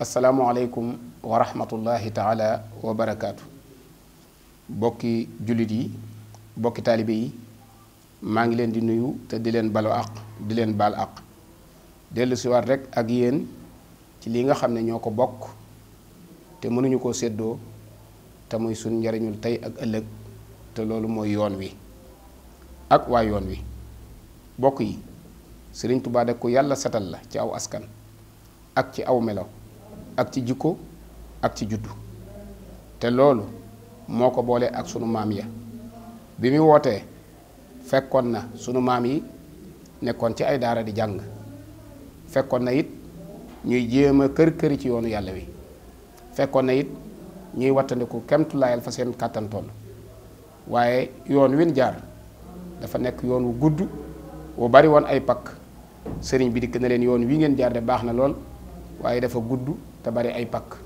asalaamualeykum wa rahmatullahi taala wa barakaatu bokki jullit yi bokki taalibe yi maa ngi leen di nuyu te di leen balo àq di leen bal ak dellusiwaat rekk ak yéen ci li nga xam ne ñoo ko bokk te mënuñu koo seddoo te muy suñ njariñul tey ak ëllëg te loolu mooy yoon wi ak waa yoon wi bokk yi sëriñ Tuubaa de ku yàlla setal la ci aw askan ak ci aw melo ak ci jikko ak ci juddu te loolu moo ko boole ak sunu maam ya bi mu wootee fekkoon na sunu maam yi nekkoon ci ay daara di jàng fekkoon na it ñuy jéem a kër këri ci yoonu yàlla wi fekkoon na it ñuy wattandiku kemtulaayal fa seen kàttan toll waaye yoon win jaar dafa nekk yoon wu gudd wu bari woon ay pakk sëriñ bi dikk na leen yoon wi ngeen jaar de baax na lool waaye dafa gudd te bari ay pakk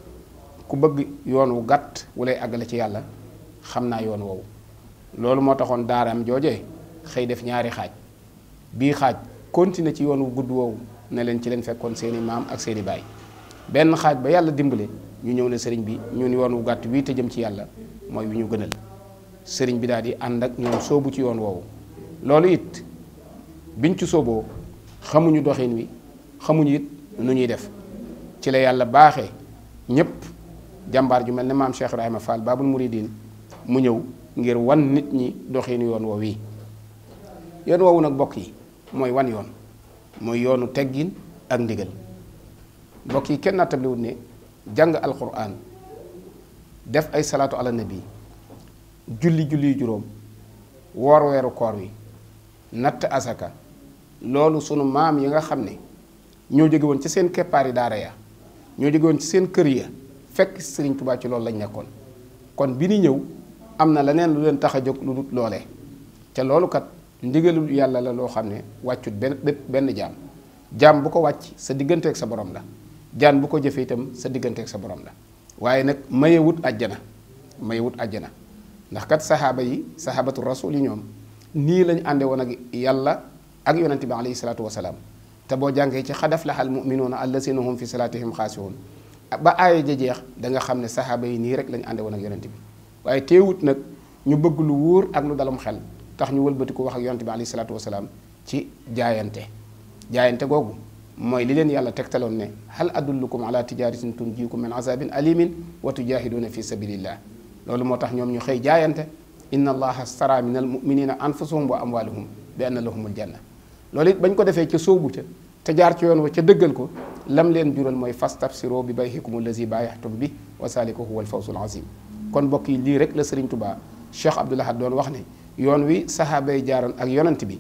ku bëgg yoon wu gàtt wu lay àggale ci yàlla xam naa yoon woowu loolu moo taxoon daaraam jooje xëy def ñaari xaaj bii xaaj continuer ci yoon wu gudd woowu ne leen ci leen fekkoon seeni maam ak seeni baay benn xaaj ba yàlla dimbale ñu ñëw ne sëriñ bi ñun yoon wu gàtt wii te jëm ci yàlla mooy wi ñu gënal sëriñ bi daal di ànd ak ñoom soobu ci yoon woowu loolu it biñ ci sooboo xamuñu doxin wi xamuñu it nu ñuy def ci la yàlla baaxe ñëpp jàmbaar ju mel ne maam Cheikh Ibrahima Fall Baabul Muridiin mu ñëw ngir wan nit ñi doxinu yoon woowu yi yoon woowu nag bokk yi mooy wan yoon mooy yoonu teggin ak ndigal bokk yi kenn nattabliwut ne jàng alquran def ay salaatu ala nabi julli julli juróom woor weeru koor wi natt asaka loolu sunu maam yi nga xam ne ñoo jóge woon ci seen keppaari daara ya ñoo jógewoon ci seen kër ya fekk Sëriñ Tuubaa ci loolu lañ nekkoon kon bi ni ñëw am na leneen lu leen tax a jóg lu dut loolee te loolu kat ndigalul yàlla la loo xam ne wàccut benn jaan benn bu ko wàcc sa digganteeg sa borom la jaan bu ko jëfee itam sa digganteeg sa borom la waaye nag mayewut àjjana mayewut àjjana ndax kat saxaaba yi saxaabatu rasul yi ñoom nii lañu àndee woon ak yàlla ak yonante bi alayhi salaatu wasalaam te boo jàngee ci xad aflaha almuminuuna allazina hum fi salaatihim xaasiuun ba aaya ja jeex danga xam ne saxaaba yi nii rek lañu àndee woon ak yonent bi waaye teewut nag ñu bëgg lu wuur ak lu dalum xel tax ñu wëlbatiku wax ak yonent bi alayhi salaatu salaam ci jaayante jaayante googu mooy li leen yàlla tegtaloon ne hal adullukum ala tijaratin tunjiikum min azabin alimin wa tujaahiduuna fi sabilillah loolu moo tax ñoom ñu xëy jaayante inna allaha stara min almuminina anfusahum wa amwaalahum bi anna lahumul janna loolu it bañ ko defee ca sóobu ca te jaar ca yoon wa ca dëggal ko lam leen jural mooy fastabsiro bi bayhikum allazi baayaxtum bi wa ko huwa alfawzul azim kon mbokk yi lii rek la Serigne Touba Cheikh Abdoul Ahad doon wax ne yoon wi saxaaba yi jaaroon ak yonant bi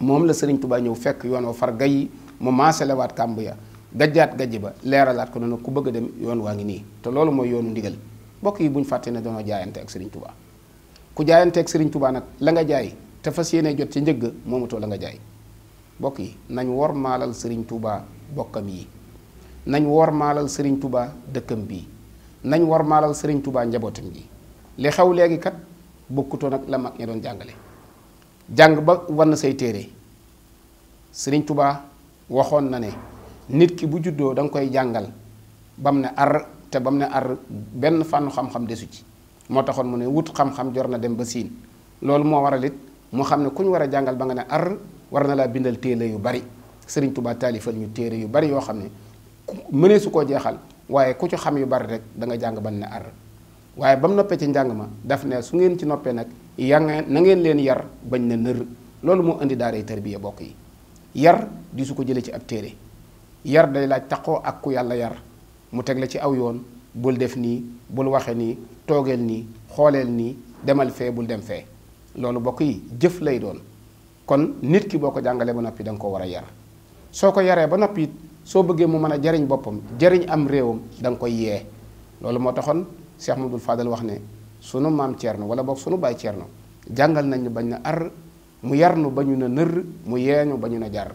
moom la Serigne Touba ñëw fekk yoon wa far gayi mu maaselewaat kàmb ya gajjaat gajj ba leeralaat ko noonu ku bëgg dem yoon waa ngi nii te loolu mooy yoonu ndigal mbokk yi bu fàttee fàtte ne jaayante ak Serigne Touba ku jaayante ak Serigne nag la nga jaay te fas yéene jot ci njëgg moomatoo la nga jaay bokk yi nañ wor maalal sëriñ Touba bokkam yi nañ wor maalal sëriñ Touba dëkkam bii nañ wor maalal sëriñ Touba njabootam gi li xew léegi kat bokkutoo nag la mag ña doon jàngale jàng ba wann say téere sëriñ Touba waxoon na ne nit ki bu juddoo da nga koy jàngal ba mu ne ar te ba ne ar benn fànnu xam-xam desu ci moo taxoon mu ne wut xam-xam jor na dem ba siin loolu moo waral it mu xam ne ku ñu war a jàngal ba nga ne ar war na laa bindal téere yu bari sëriñ Tuubaa taalifal ñu téere yu bari yoo xam ne mënee su koo jeexal waaye ku ci xam yu bari rek da nga jàng ban ne ar waaye bam mu noppee ci njàng ma daf ne su ngeen ci noppee nag ya nangeen leen yar bañ na nër loolu moo indi daaray tarbiya bokk yi yar di su ko jëlee ci ab téere yar day laaj taqoo ak ku yàlla yar mu teg la ci aw yoon bul def nii bul waxe nii toogeel nii xooleel nii demal fee bul dem fee loolu bokk yi jëf lay doon kon nit ki boo ko jàngalee ba noppi da nga ko war a yar soo ko yaree ba noppi soo bëggee mu mën a jariñ boppam jariñ am réewam danga nga koy yee loolu moo taxoon Cheikh dul Fadal wax ne sunu maam Thierno wala boog sunu baay Thierno jàngal nañ ñu bañ na ar mu yar nu bañu na nër mu yeeñu bañu na jar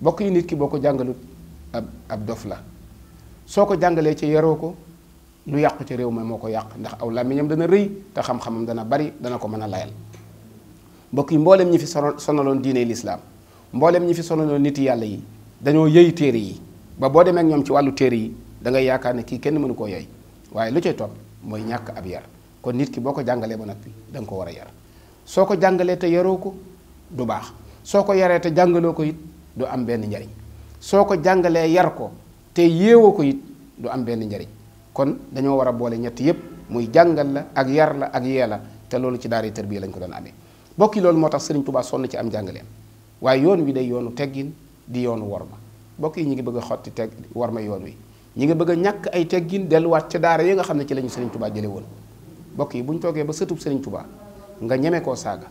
bokk yi nit ki boo ko jàngalut ab ab dof la soo ko jàngalee ci yaroo ko lu yàq ci réew ma moo ko yàq ndax aw làmmiñam dana rëy te xam dana bari dana ko mën a layal mbokk yi mboolem ñi fi sonaloon diine lislaam mbooleem ñi fi sonaloon nit yàlla yi dañoo yëy téere yi ba boo demee ñoom ci wàllu téere yi da yaakaar ne kii kenn mënu koo yey waaye lu cay topp mooy ñàkk ab yar kon nit ki boo ko jàngalee ba noppi da nga ko war a yar soo ko jàngalee te yaroo ko du baax soo ko yaree te jàngaloo ko it du am benn njariñ soo ko jàngalee yar ko te yéewoo ko it du am benn njariñ kon dañoo war a boole ñett yépp muy jàngal la ak yar la ak yee la te loolu ci daara tarbiya lañ ko doon amee mbokk yi loolu moo tax Serigne Touba sonn ci am jàngaleem waaye yoon wi day yoonu teggin di yoonu worma mbokk yi ñu ngi bëgg xotti teg worma yoon wi ñi ngi bëgg a ñàkk ay teggin delluwaat ca daara yi nga xam ne ci lañu Serigne Touba jële woon mbokk yi bu ñu toogee ba sëtub Serigne Touba nga ñeme koo saaga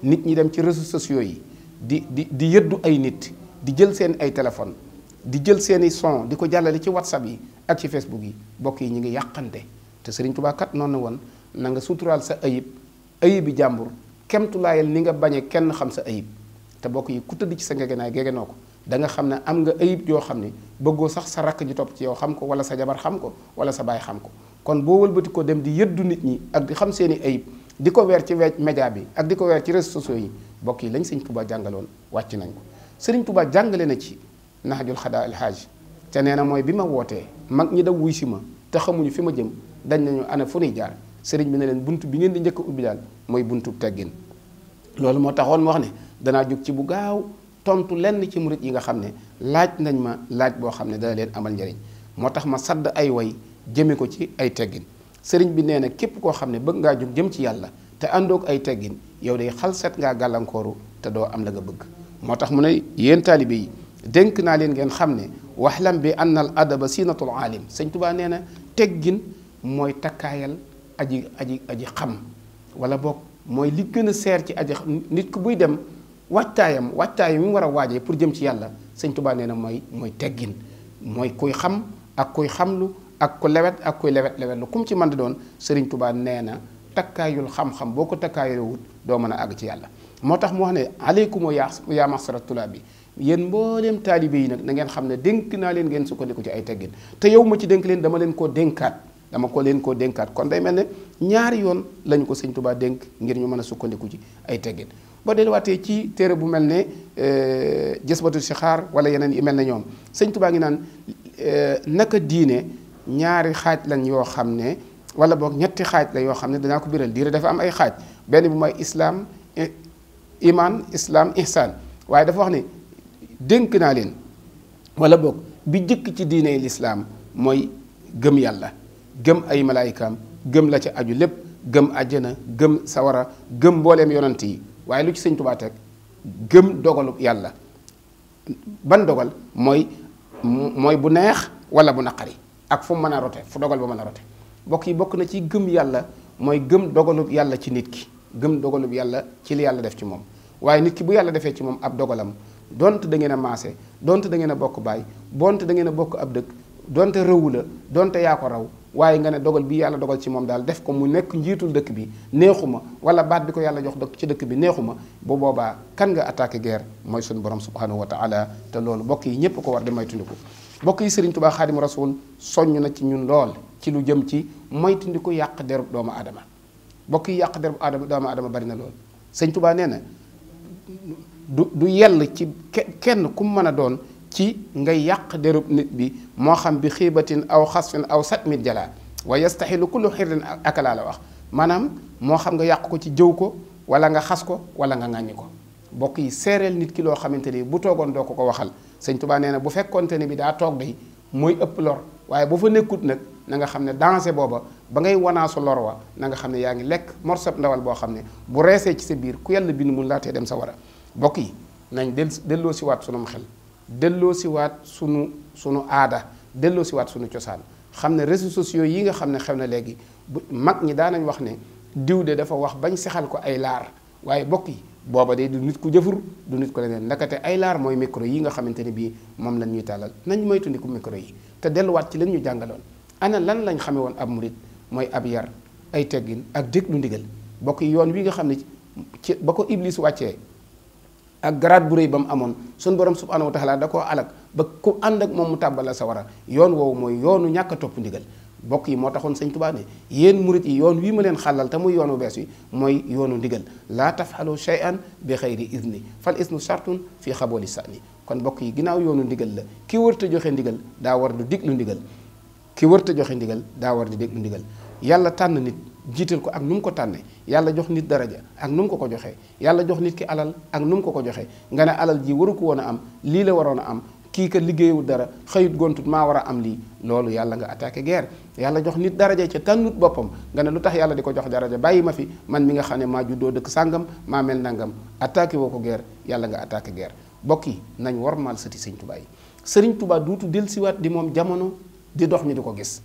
nit ñi dem ci réseaux sociaux yi di di di yëddu ay nit di jël seen ay téléphone di jël seen i son di ko jàllale ci whatsapp yi ak ci facebook yi mbokk yi ñu ngi yàqante te Serigne Touba kat noonu na woon na nga suturaal sa ayib ayibi jàmbur kemtulaayal ni nga bañe kenn xam sa ayib te bokk yi ku tëdd ci sa ngegenaay gegenoo ko danga xam ne am nga ayib yoo xam ne bëggoo sax sa rakk ji topp ci yow xam ko wala sa jabar xam ko wala sa baay xam ko kon boo wëlbati ko dem di yëddu nit ñi ak di xam seeni ayib di ko weer ci wee média bi ak di ko weer ci réseaux sociaux yi bokk yi lañ sëñ Touba jàngaloon wàcc nañ ko sëriñ Touba jàngale na ci naxajul xadaa alxaaj te nee na mooy bi ma wootee mag ñi da wuy si ma te xamuñu fi ma jëm dañ nañu ana fu nuy jaar sëriñ bi ne leen bunt bi ngeen di njëkk ubbi daal mooy buntu teggin loolu moo taxoon mu wax ne danaa jóg ci bu gaaw tontu lenn ci murit yi nga xam ne laaj nañ ma laaj boo xam ne dana leen amal njariñ moo tax ma sadd ay way jëme ko ci ay teggin sëriñ bi nee na képp koo xam ne bëgg ngaa jóg jëm ci yàlla te àndoog ay teggin yow xal xalset ngaa gàllankooru te doo am la nga bëgg moo tax mu ne yéen taalibe yi dénk naa leen ngeen xam ne wax lam bi anna al adaba sinatul aalim sëñ tubaa nee na teggin mooy takkaayal aji aji aji xam wala boog mooy li gën a seer ci aji xam nit ku buy dem waajtaayam waajtaay yi mu war a waajee pour jëm ci yàlla sëñ Tuubaa nee na mooy mooy teggin mooy kuy xam ak kuy lu ak ku lewet ak kuy lewet lewet lu comme ci man di doon sëriñ Tuubaa nee na takkaayul xam-xam boo ko takkaayul wut doo mën a àgg ci yàlla moo tax mu wax ne aleykum yaa yaa masara tulaab bi yéen mbooleem taalibe yi nag na ngeen xam ne dénk naa leen ngeen sukkandiku ci ay teggin te yow ma ci dénk leen dama leen koo dénkaat dama ko leen koo dénkaat kon day mel ne ñaari yoon lañu ko sëñ Tuubaa dénk ngir ñu mën a sukkandiku ci ay teggin boo delluwaatee ci téere bu mel ne euh, jësbatu sixaar wala yeneen yi mel ne ñoom sëñ Tuubaa ngi naan euh, naka diine ñaari xaaj lañ yoo xam ne wala boog ñetti xaaj la yoo xam ne danaa ko biral diine dafa am ay xaaj benn bu mooy islaam imaan islaam ihsaan waaye dafa wax ne dénk naa leen wala boog bi jëkk ci diine lislaam mooy gëm yàlla gëm ay malaayikaam gëm la ci aju lépp gëm àjjana gëm sawara gëm mbooleem yonant yi waaye lu ci sëñ Tuubaa gëm dogalu yàlla ban dogal mooy mooy bu neex wala bu naqari ak fu mu mën a rote fu dogal ba mën a rote bokk yi bokk na ci gëm yàlla mooy gëm dogalub yàlla ci nit ki gëm dogalub yàlla ci li yàlla def ci moom waaye nit ki bu yàlla defee ci moom ab dogalam donte da ngeen a maase donte da ngeen a bokk baay donte da ngeen a bokk ab dëkk donte rëwu la donte yaa ko raw waaye nga ne dogal bi yàlla dogal ci moom daal def ko mu nekk njiitul dëkk bi neexu ma wala baat bi ko yàlla jox dëkk ci dëkk bi neexu ma bu boobaa kan nga attaqué guerre mooy suñu borom subhanahu wa taala te loolu mbokk yi ñépp ko war di moytundiku mbokk yi Sëriñ Tuubaa Xaadimu Rasuul soññ na ci ñun lool ci lu jëm ci moytundiku yàq derub doomu aadama mbokk yi yàq derub aadama doomu adama bari na lool Sëriñ Tuubaa nee na du du yell ci kenn ku mën a doon ci ngay yàq derub nit bi moo xam bi xiibatin aw xasfin aw satmit jala wa yastaxilu kullu xirrin akala la wax maanaam moo xam nga yàq ko ci jëw ko wala nga xas ko wala nga ŋàññi ko bokk yi seereel nit ki loo xamante ni bu toogoon doo ko ko waxal sëñ Tuubaa nee na bu fekkonte ne bi daa toog day mooy ëpp lor waaye bu fa nekkut nag na nga xam ne danger booba ba ngay wanaasu lor wa na nga xam ne yaa ngi lekk morsab ndawal boo xam ne bu reesee ci sa biir ku yàlla bind mun laa dem sa war a yi nañ del delloo si waat xel delloo siwaat sunu sunu aada delloo siwaat sunu cosaan xam ne réseaux sociaux yi nga xam ne xew na léegi bu mag ñi daanañ wax ne diw de dafa wax bañ sexal ko ay laar waaye bokk yi booba de du nit ku jëfur du nit ko leneen ndakate ay laar mooy micro yi nga xamante ne bii moom lañ ñuy tàllal nañ moytandiku micro yi te delluwaat ci lañ ñu jàngaloon ana lan lañ xamee woon ab murit mooy ab yar ay teggin ak déglu ndigal bokk yi yoon wi nga xam ne ci ba ko Iblis wàccee ak garaat bu rëy ba mu amoon sun borom subhaanahu wa taala da koo alak ba ku ànd ak moom mu tàbbal la a yoon woowu mooy yoonu ñàkk topp ndigal bokk yi moo taxoon sëñ Tuubaa ne yéen murit yi yoon wii ma leen xàllal te muy yoonu bees wi mooy yoonu ndigal laa tafxalu shay'an bi xayri idni fal isnu shartun fi xabooli sani kon bokk yi ginnaaw yoonu ndigal la ki wërta joxe ndigal daa war du diglu ndigal ki wërta joxe ndigal daa war di diglu ndigal yàlla tànn nit jiital ko ak nu mu ko tànne yàlla jox nit daraja ak nu mu ko ko joxee yàlla jox nit ki alal ak nu mu ko ko joxee nga ne alal ji waru ko woon a am lii la waroon a am kii ka liggéeyul dara xëyut gontut maa war a am lii loolu yàlla nga attaqué guerre yàlla jox nit daraja ca tànnut boppam nga ne lu tax yàlla di ko jox daraja bàyyi ma fi man mi nga xam ne maa juddoo dëkk sàngam maa mel nangam attaqué woo ko guerre yàlla nga attaqué guerre bokk yi nañ warmal sëti sëñ tubaa yi sëriñ tubaa duutu dellusiwaat di moom jamono di dox ñu di ko gis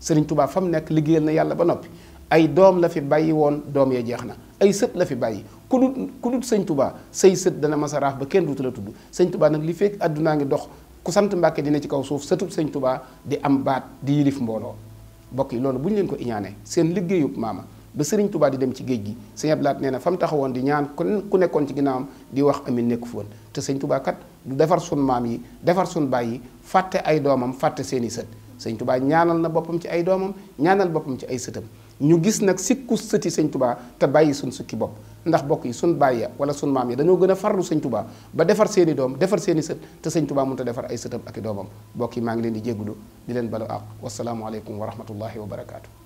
sëriñ tubaa fa mu nekk liggéeyal na yàlla ba noppi ay doom la fi bàyyi woon doom ya jeex na ay sët la fi bàyyi ku dul ku dul sëñ tubaa say sët dana mas a raaf ba kenn duutu la tudd sëñ tubaa nag li fekk àddunaa ngi dox ku sant mbàkke dina ci kaw suuf sëtub sëñ tubaa di am baat di yilif mbooloo bokk yi loolu bu ñu leen ko iñaanee seen liggéeyub maama ba sëriñ tubaa di dem ci géej gi sëñ Ablaat nee na fa mu taxawoon di ñaan ku nekkoon ci ginnaawam di wax ami nekk fu te sëñ tubaa kat du defar sun maam yi defar sun baay yi fàtte ay doomam fàtte seeni sët sëñ tubaa ñaanal na boppam ci ay doomam ñaanal boppam ci ay sëtam ñu gis nag sikku sëti sëñ tubaa te bàyyi suñ sukki bopp ndax bokk yi suñ bàyyi ya wala suñ maam yi dañoo gën a farlu sëñ tubaa ba defar seeni doom defar seeni sët te sëñ tubaa mun a defar ay sëtam ak i doomam bokk yi maa ngi leen di jéggulu di leen balu àq wasalaamualeykum wa rahmatullahi wa barakaatu